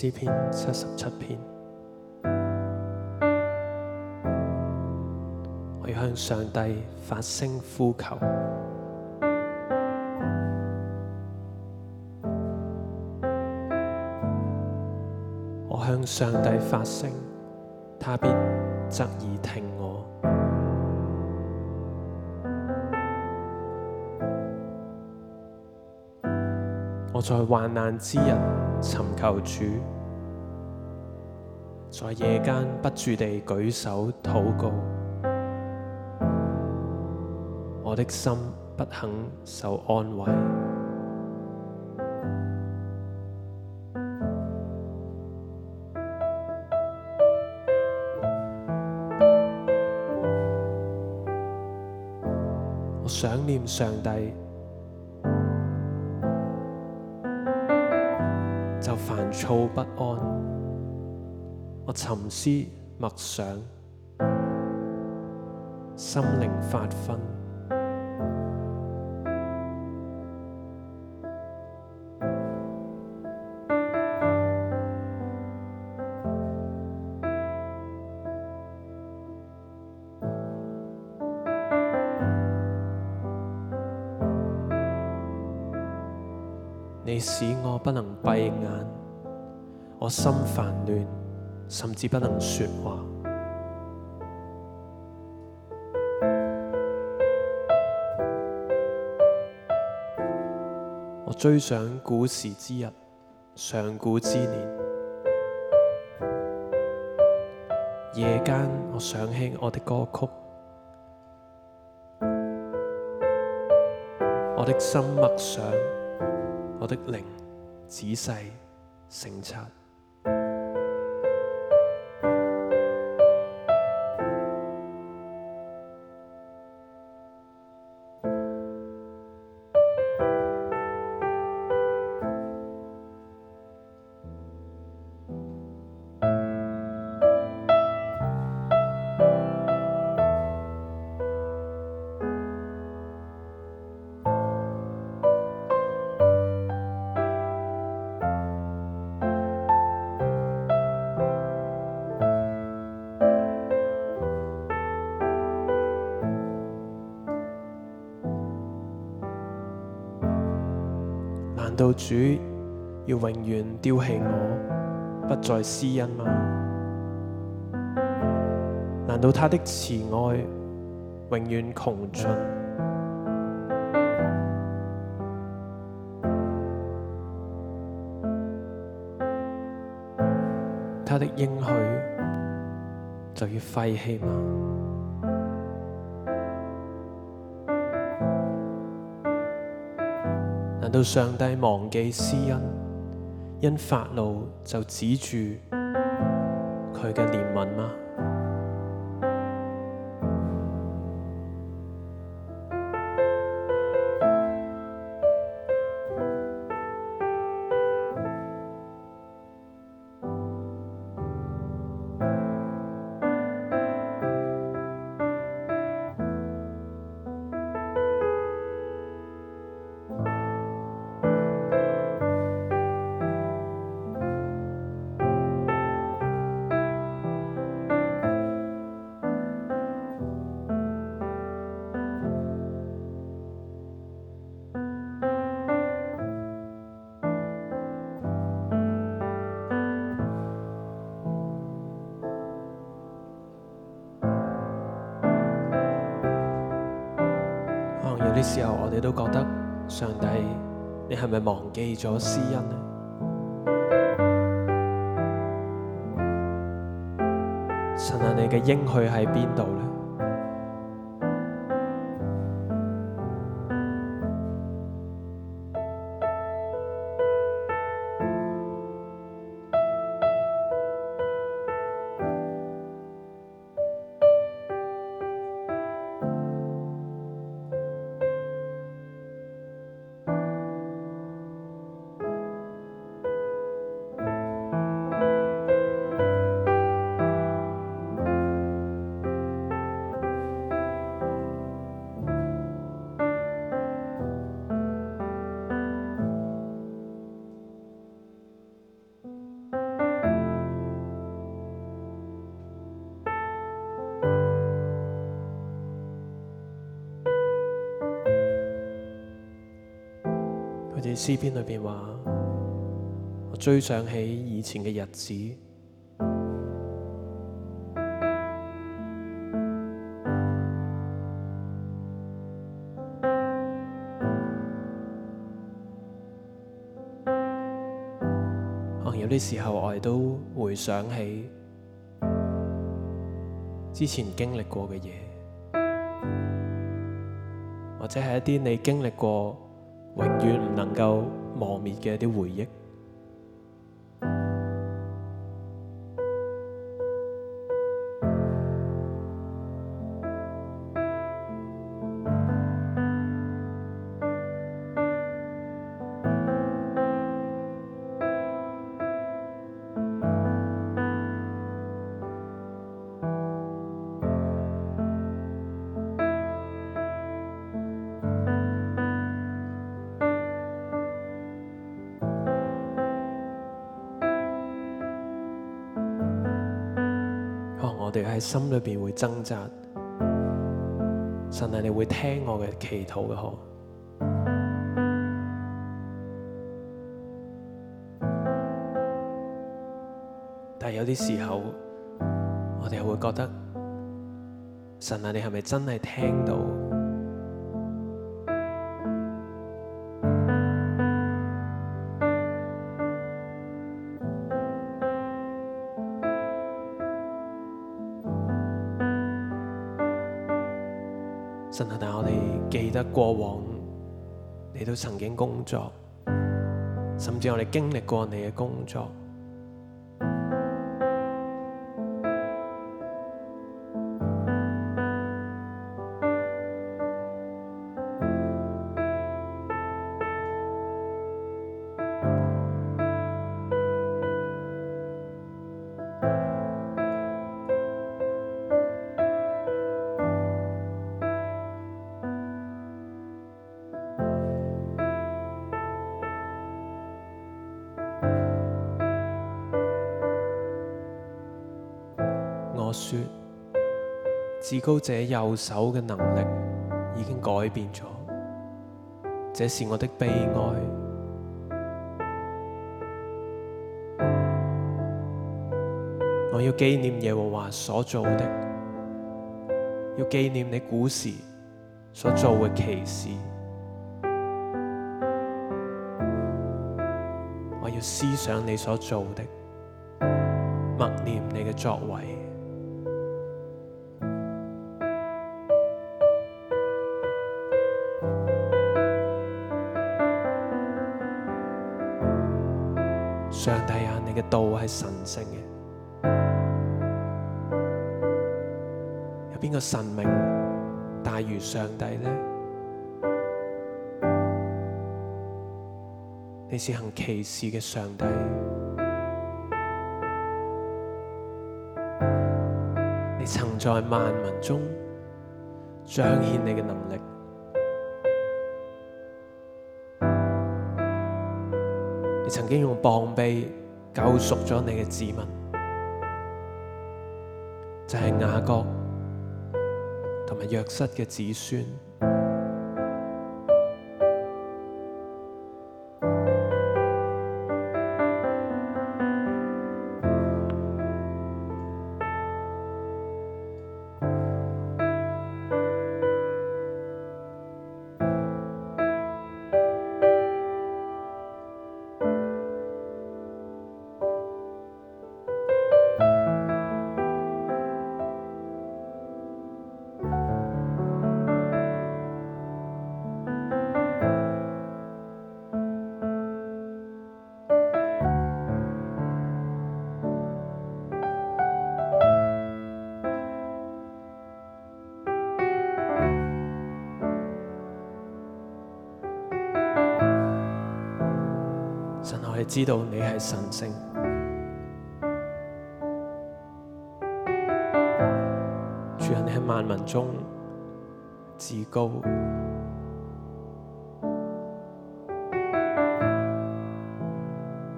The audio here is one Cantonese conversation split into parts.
詩篇七十七篇，我要向上帝發聲呼求，我向上帝發聲，他必側耳聽我。我在患難之日，尋求主，在夜間不住地舉手禱告，我的心不肯受安慰。我想念上帝。躁不安，我沉思默想，心靈發昏。你使我不能閉眼。我心煩亂，甚至不能說話。我追想古時之日，上古之年。夜間，我想起我的歌曲。我的心默想，我的靈仔細省察。難道主要永遠丟棄我，不再施恩嗎？難道他的慈愛永遠窮盡？他的應許就要廢棄嗎？難道上帝忘記施恩，因發怒就止住佢嘅憐憫嗎？呢時候，我哋都覺得上帝，你係咪忘記咗私恩咧？神啊，你嘅應許喺邊度？詩篇裏面話，我追想起以前嘅日子。可能有啲時候我哋都會想起之前經歷過嘅嘢，或者係一啲你經歷過。永遠唔能夠磨滅嘅一啲回憶。心裏邊會掙扎，神啊，你會聽我嘅祈禱嘅嗬？但係有啲時候，我哋又會覺得，神啊，你係咪真係聽到？過往你都曾經工作，甚至我哋經歷過你嘅工作。至高者右手嘅能力已經改變咗，這是我的悲哀。我要紀念耶和華所做的，要紀念你古時所做嘅奇事。我要思想你所做的，默念你嘅作為。上帝啊，你嘅道係神聖嘅，有邊個神明大如上帝咧？你是行奇事嘅上帝，你曾在萬民中彰顯你嘅能力。你曾經用膀臂救贖咗你嘅子民，就係、是、雅各同埋約瑟嘅子孫。知道你係神聖，主人。你喺萬民中自高，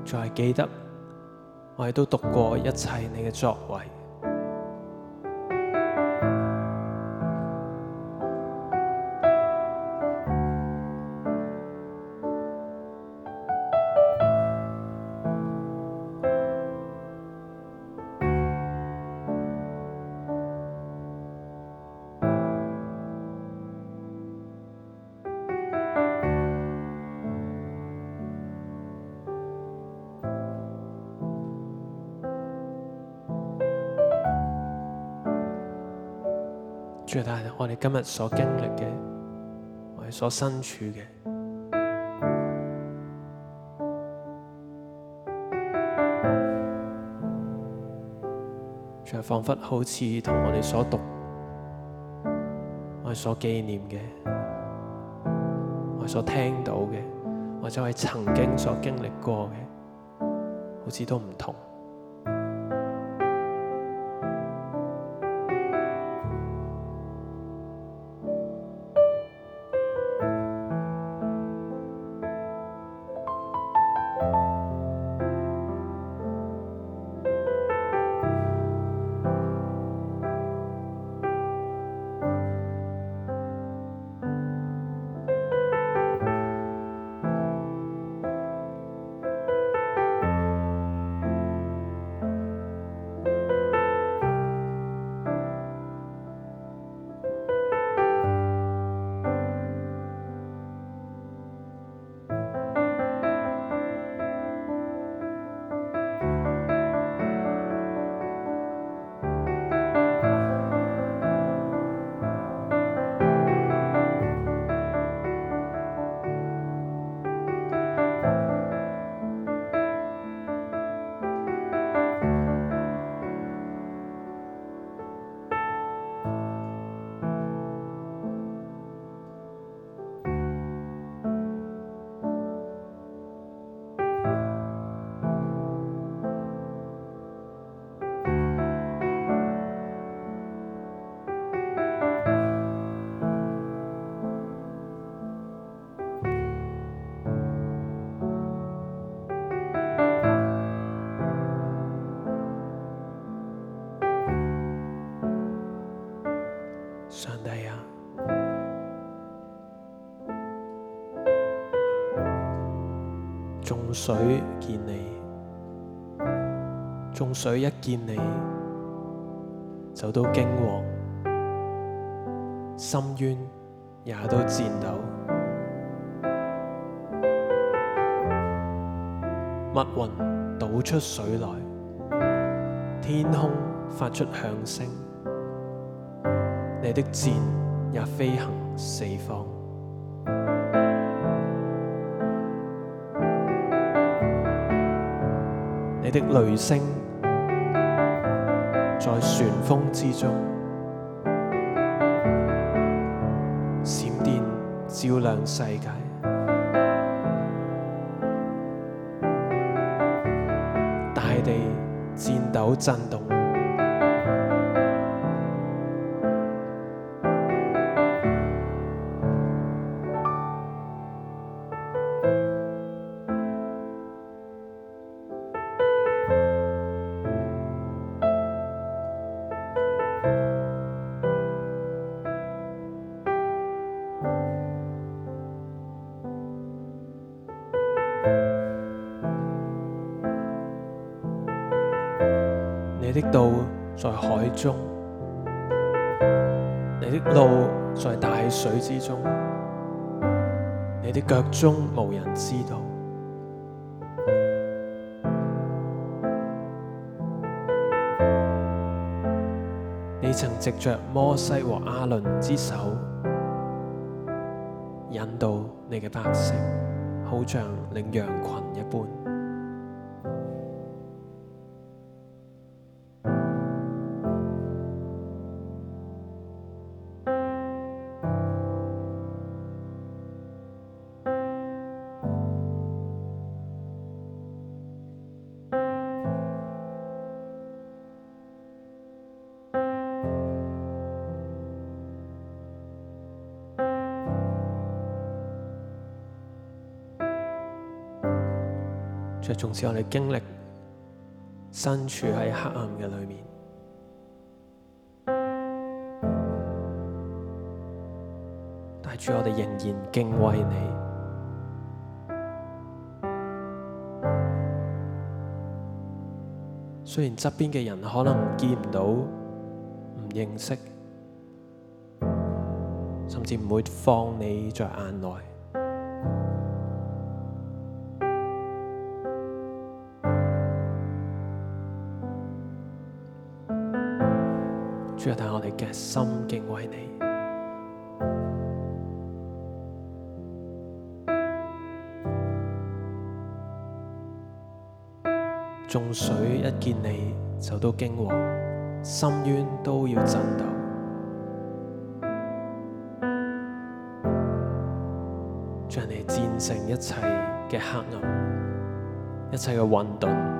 仲係記得我哋都讀過一切你嘅作為。最係我哋今日所經歷嘅，我哋所身處嘅，就係彷彿好似同我哋所讀、我哋所紀念嘅、我哋所聽到嘅，或者我哋曾經所經歷過嘅，好似都唔同。眾水見你，眾水一見你，就都驚惶，深淵也都顫抖。密雲倒出水來，天空發出響聲，你的箭也飛行四方。的雷聲在旋風之中，閃電照亮世界，大地顫抖震動。之中，你的腳中無人知道。你曾藉着摩西和阿倫之手，引導你嘅百姓，好像領羊群一般。縱使我哋經歷，身處喺黑暗嘅裏面，但係我哋仍然敬畏你。雖然側邊嘅人可能見唔到，唔認識，甚至唔會放你在眼內。見你就都驚惶，深淵都要震動，將你戰勝一切嘅黑暗，一切嘅混沌。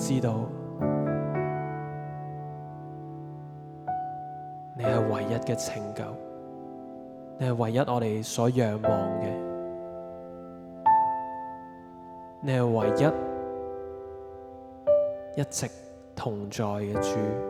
知道你係唯一嘅拯救，你係唯一我哋所仰望嘅，你係唯一一直同在嘅主。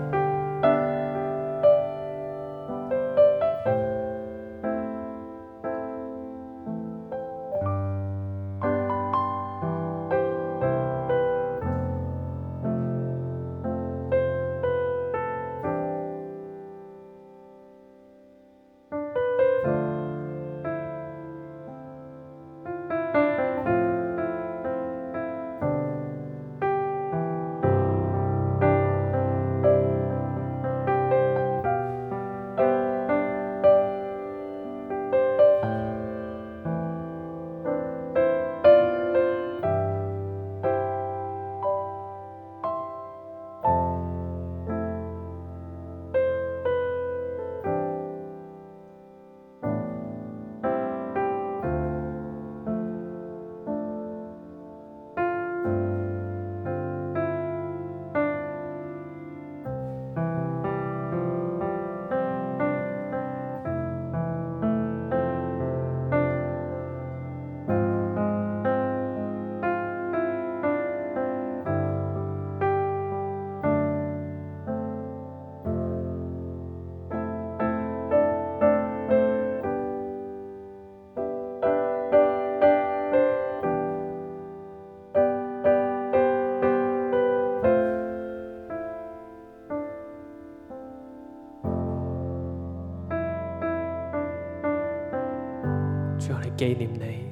主啊，我哋紀念你。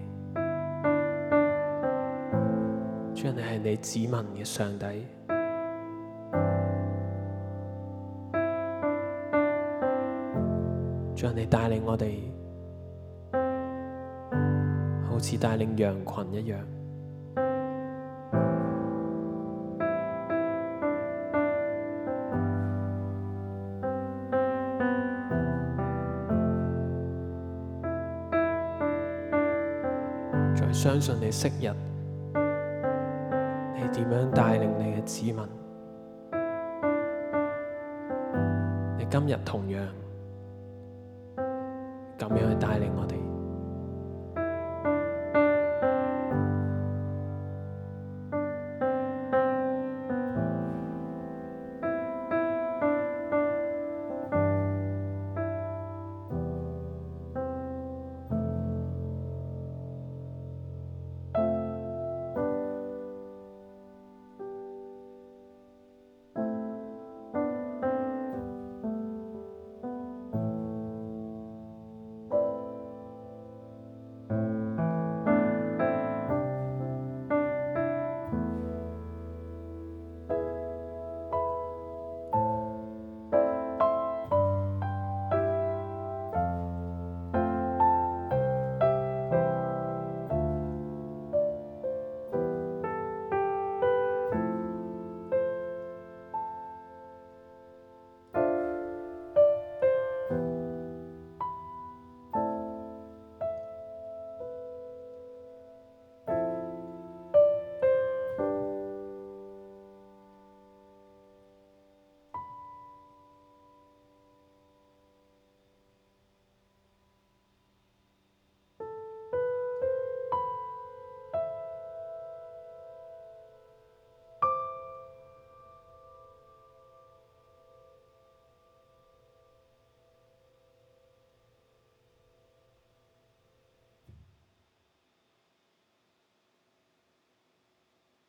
主啊，你係你子民嘅上帝。主啊，你帶領我哋，好似帶領羊群一樣。相信你昔日，你點樣帶領你嘅子民，你今日同樣，咁樣去帶領。